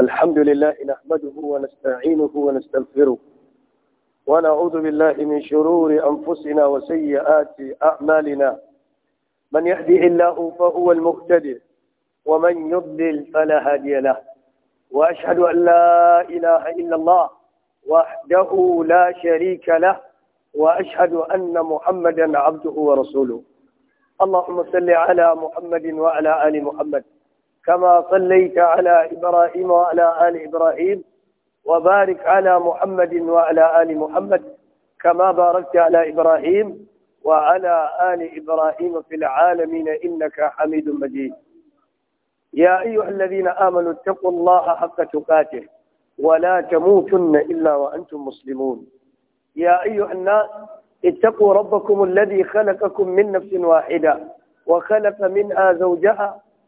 الحمد لله نحمده ونستعينه ونستغفره ونعوذ بالله من شرور أنفسنا وسيئات أعمالنا من يهدي الله فهو المهتد ومن يضلل فلا هادي له وأشهد أن لا إله إلا الله وحده لا شريك له وأشهد أن محمدا عبده ورسوله اللهم صل على محمد وعلى آل محمد كما صليت على إبراهيم وعلى آل إبراهيم وبارك على محمد وعلى آل محمد كما باركت على إبراهيم وعلى آل إبراهيم في العالمين إنك حميد مجيد يا أيها الذين آمنوا اتقوا الله حق تقاته ولا تموتن إلا وأنتم مسلمون يا أيها الناس اتقوا ربكم الذي خلقكم من نفس واحدة وخلق منها زوجها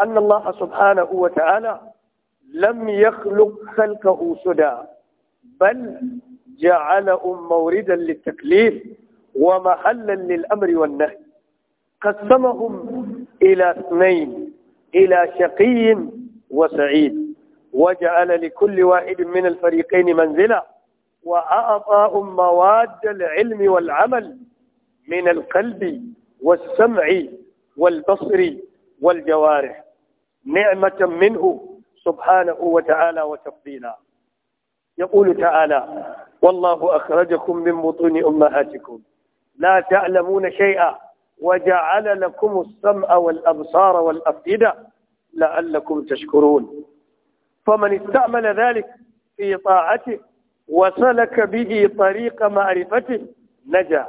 أن الله سبحانه وتعالى لم يخلق خلقه سدى بل جعلهم موردا للتكليف ومحلا للأمر والنهي قسمهم إلى اثنين إلى شقي وسعيد وجعل لكل واحد من الفريقين منزلة وأعطاهم مواد العلم والعمل من القلب والسمع والبصر والجوارح نعمة منه سبحانه وتعالى وتفضيلا يقول تعالى والله أخرجكم من بطون أمهاتكم لا تعلمون شيئا وجعل لكم السمع والأبصار والأفئدة لعلكم تشكرون فمن استعمل ذلك في طاعته وسلك به طريق معرفته نجا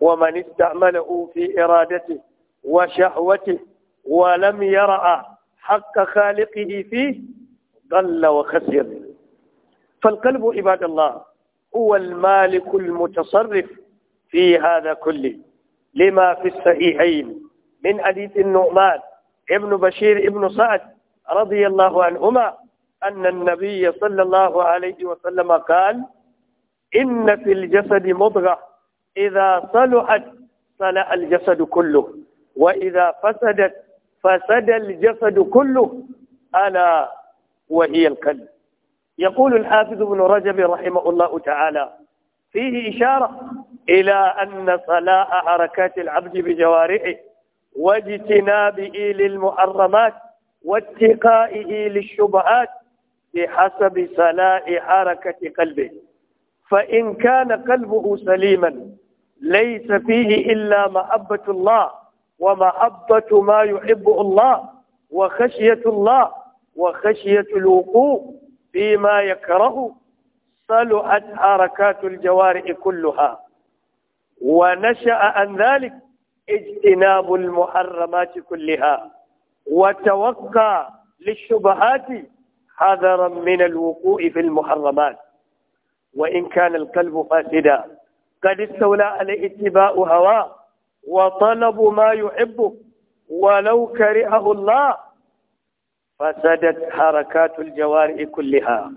ومن استعمله في إرادته وشهوته ولم يرى حق خالقه فيه ضل وخسر فالقلب عباد الله هو المالك المتصرف في هذا كله لما في الصحيحين من حديث النعمان ابن بشير ابن سعد رضي الله عنهما أن النبي صلى الله عليه وسلم قال إن في الجسد مضغة إذا صلحت صلح الجسد كله وإذا فسدت فسد الجسد كله ألا وهي القلب يقول الحافظ ابن رجب رحمه الله تعالى فيه إشارة إلى أن صلاح حركات العبد بجوارحه واجتنابه للمحرمات واتقائه للشبهات بحسب صلاح حركة قلبه فإن كان قلبه سليما ليس فيه إلا محبة الله ومحبة ما يحبه الله وخشية الله وخشية الوقوع فيما يكره صلحت حركات الجوارح كلها ونشأ عن ذلك اجتناب المحرمات كلها وتوقع للشبهات حذرا من الوقوع في المحرمات وإن كان القلب فاسدا قد استولى عليه اتباع هواه وطلب ما يحبه ولو كرهه الله فسدت حركات الجوارح كلها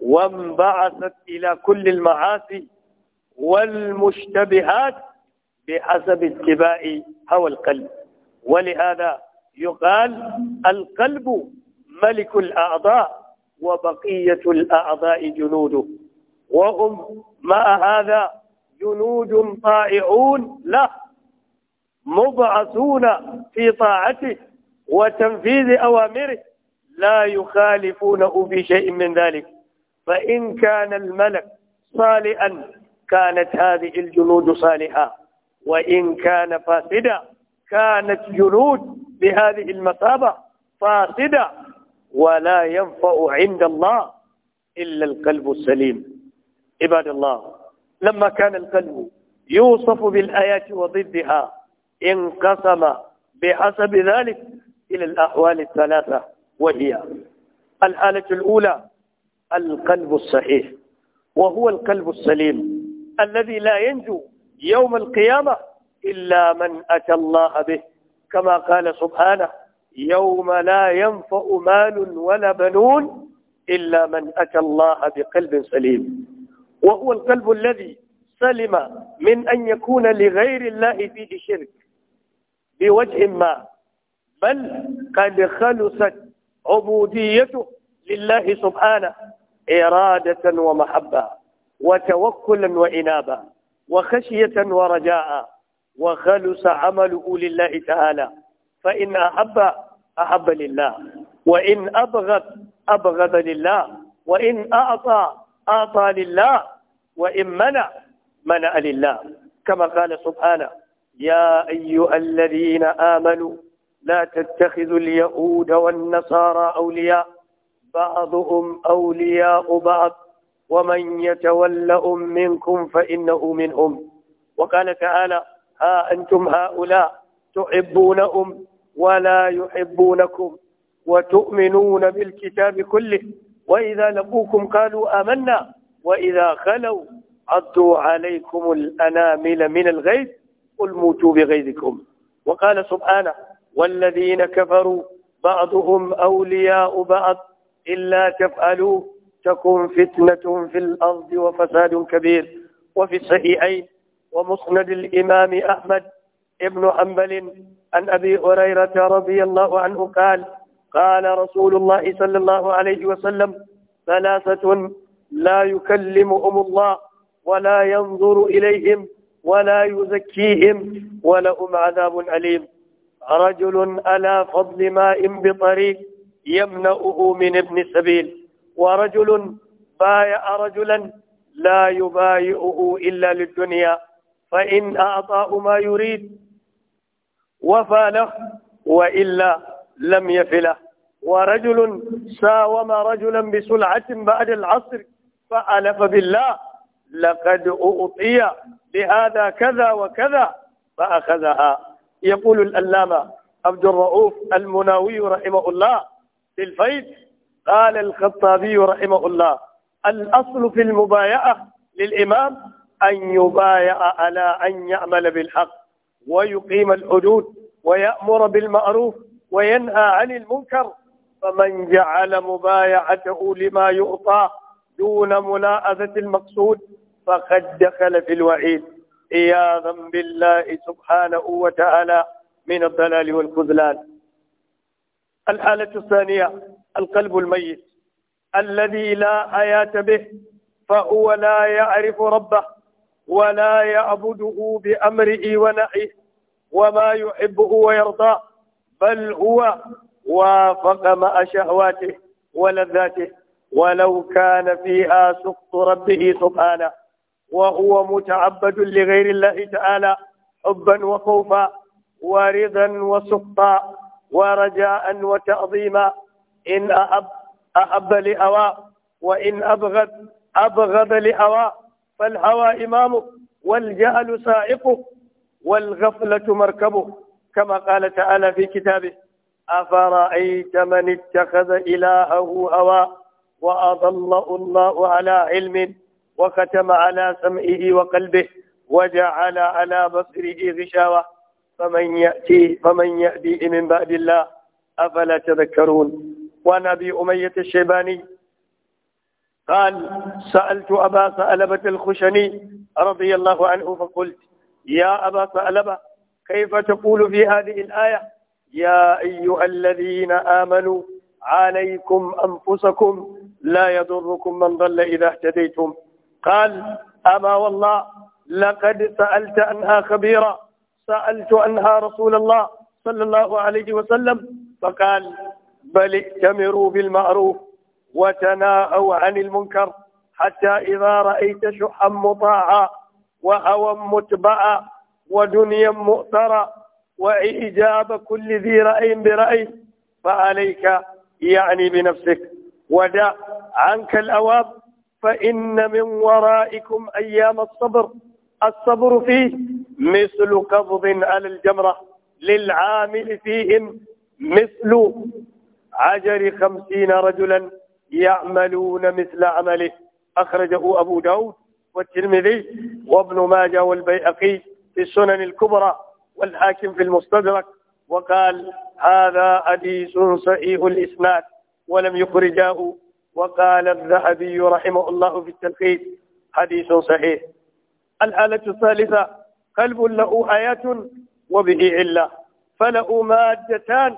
وانبعثت إلى كل المعاصي والمشتبهات بحسب اتباع هوى القلب ولهذا يقال القلب ملك الأعضاء وبقية الأعضاء جنوده وهم مع هذا جنود طائعون له مبعثون في طاعته وتنفيذ أوامره لا يخالفونه في شيء من ذلك فإن كان الملك صالحا كانت هذه الجنود صالحة وإن كان فاسدا كانت جنود بهذه المثابة فاسدة ولا ينفع عند الله إلا القلب السليم عباد الله لما كان القلب يوصف بالآيات وضدها انقسم بحسب ذلك إلى الأحوال الثلاثة وهي الحالة الأولى القلب الصحيح وهو القلب السليم الذي لا ينجو يوم القيامة إلا من أتى الله به كما قال سبحانه يوم لا ينفع مال ولا بنون إلا من أتى الله بقلب سليم وهو القلب الذي سلم من أن يكون لغير الله فيه شرك بوجه ما بل قد خلصت عبوديته لله سبحانه إرادة ومحبة وتوكلا وإنابة وخشية ورجاء وخلص عمله لله تعالى فإن أحب أحب لله وإن أبغض أبغض لله وإن أعطى أعطى لله وإن منع منع لله كما قال سبحانه يا أيها الذين آمنوا لا تتخذوا اليهود والنصارى أولياء بعضهم أولياء بعض ومن يتولهم منكم فإنه منهم وقال تعالى ها أنتم هؤلاء تحبونهم ولا يحبونكم وتؤمنون بالكتاب كله وإذا لقوكم قالوا آمنا وإذا خلوا عضوا عليكم الأنامل من الغيث قل موتوا بغيظكم وقال سبحانه والذين كفروا بعضهم أولياء بعض إلا تفعلوا تكون فتنة في الأرض وفساد كبير وفي الصحيحين ومسند الإمام أحمد ابن حنبل عن أبي هريرة رضي الله عنه قال قال رسول الله صلى الله عليه وسلم ثلاثة لا يكلمهم الله ولا ينظر إليهم ولا يزكيهم ولهم عذاب أليم رجل على فضل ماء بطريق يمنعه من ابن السبيل ورجل بايع رجلا لا يبايعه إلا للدنيا فإن أعطاه ما يريد وفى له وإلا لم يفله ورجل ساوم رجلا بسلعة بعد العصر فألف بالله لقد أعطي لهذا كذا وكذا فأخذها يقول الألامة عبد الرؤوف المناوي رحمه الله في الفيت قال الخطابي رحمه الله الأصل في المبايعة للإمام أن يبايع على أن يعمل بالحق ويقيم الحدود ويأمر بالمعروف وينهى عن المنكر فمن جعل مبايعته لما يعطى دون ملاحظة المقصود فقد دخل في الوعيد عياذا بالله سبحانه وتعالى من الضلال والخذلان الحالة الثانية القلب الميت الذي لا حياة به فهو لا يعرف ربه ولا يعبده بأمره ونعيه وما يحبه ويرضاه بل هو وافق مع شهواته ولذاته ولو كان فيها سخط ربه سبحانه وهو متعبد لغير الله تعالى حبا وخوفا ورضا وسخطا ورجاء وتعظيما إن أحب أحب لهوى وإن أبغض أبغض لهوى فالهوى إمامه والجهل سائقه والغفلة مركبه كما قال تعالى في كتابه أفرأيت من اتخذ إلهه هواه وأضل الله على علم وختم على سمعه وقلبه وجعل على بصره غشاوة فمن يأتي فمن يأتي من بعد الله أفلا تذكرون ونبي أبي أمية الشيباني قال سألت أبا سألبة الخشني رضي الله عنه فقلت يا أبا سألبة كيف تقول في هذه الآية يا أيها الذين آمنوا عليكم أنفسكم لا يضركم من ضل إذا اهتديتم قال أما والله لقد سألت عنها خبيرا سألت عنها رسول الله صلى الله عليه وسلم فقال بل ائتمروا بالمعروف وتناهوا عن المنكر حتى إذا رأيت شحا مطاعا وهوى متبعا ودنيا مؤثرا وإجاب كل ذي رأي برأي فعليك يعني بنفسك ودع عنك الأواب فإن من ورائكم أيام الصبر الصبر فيه مثل قبض على الجمرة للعامل فيهم مثل عجر خمسين رجلا يعملون مثل عمله أخرجه أبو داود والترمذي وابن ماجه والبيعقي في السنن الكبرى والحاكم في المستدرك وقال هذا حديث صحيح الإسناد ولم يخرجاه وقال الذهبي رحمه الله في التلخيص حديث صحيح الحالة الثالثة قلب له حياة وبه علة فله مادتان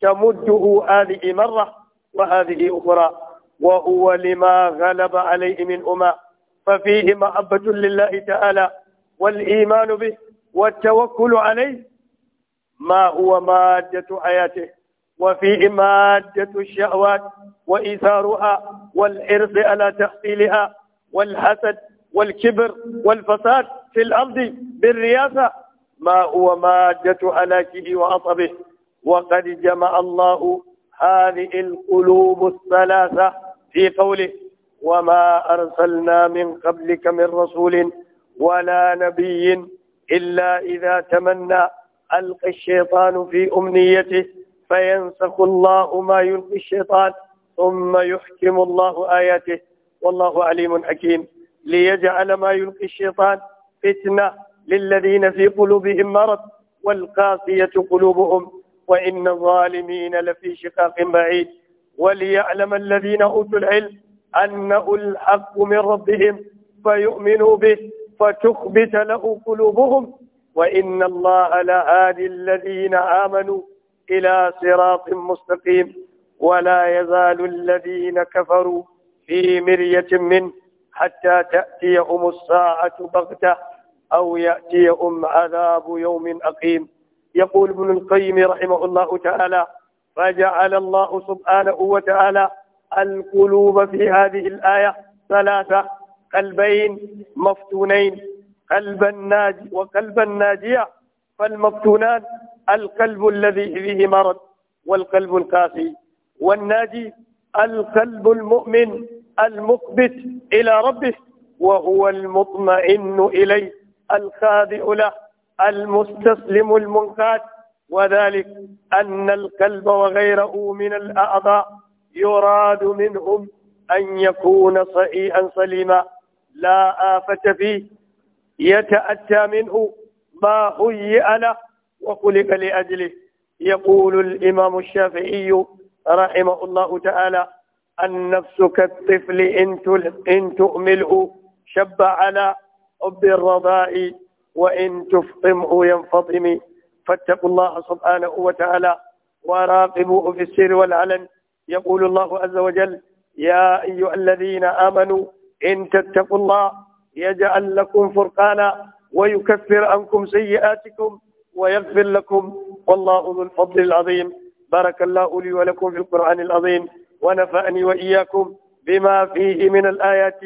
تمده هذه مرة وهذه أخرى وهو لما غلب عليه من أمة ففيه محبة لله تعالى والإيمان به والتوكل عليه ما هو مادة حياته وفيه مادة الشهوات وإيثارها والحرص على تحصيلها والحسد والكبر والفساد في الأرض بالرياسة ما هو مادة هلاكه وعصبه وقد جمع الله هذه القلوب الثلاثة في قوله وما أرسلنا من قبلك من رسول ولا نبي إلا إذا تمنى ألقى الشيطان في أمنيته فينسخ الله ما يلقي الشيطان ثم يحكم الله آياته والله عليم حكيم ليجعل ما يلقي الشيطان فتنة للذين في قلوبهم مرض والقاسية قلوبهم وإن الظالمين لفي شقاق بعيد وليعلم الذين أوتوا العلم أنه الحق من ربهم فيؤمنوا به فتخبت له قلوبهم وإن الله لهادي الذين آمنوا إلى صراط مستقيم ولا يزال الذين كفروا في مرية منه حتى تأتيهم الساعة بغتة أو يأتيهم عذاب يوم أقيم يقول ابن القيم رحمه الله تعالى فجعل الله سبحانه وتعالى القلوب في هذه الآية ثلاثة قلبين مفتونين قلب الناجي وقلب الناجية فالمفتونان القلب الذي فيه مرض والقلب القاسي والناجي القلب المؤمن المقبت إلى ربه وهو المطمئن إليه الخاضع له المستسلم المنقاد وذلك أن القلب وغيره من الأعضاء يراد منهم أن يكون صحيحا سليما لا آفة فيه يتأتى منه ما هيئ له وخلق لأجله يقول الإمام الشافعي رحمه الله تعالى النفس كالطفل إن, إن تؤمله شب على حب الرضاء وإن تفطمه ينفطم فاتقوا الله سبحانه وتعالى وراقبوه في السر والعلن يقول الله عز وجل يا أيها الذين آمنوا إن تتقوا الله يجعل لكم فرقانا ويكفر عنكم سيئاتكم ويغفر لكم والله ذو الفضل العظيم بارك الله لي ولكم في القرآن العظيم ونفعني وإياكم بما فيه من الآيات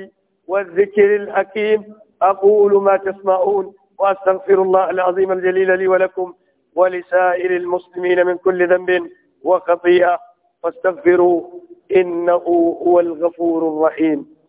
والذكر الحكيم أقول ما تسمعون وأستغفر الله العظيم الجليل لي ولكم ولسائر المسلمين من كل ذنب وخطيئة فاستغفروا إنه هو الغفور الرحيم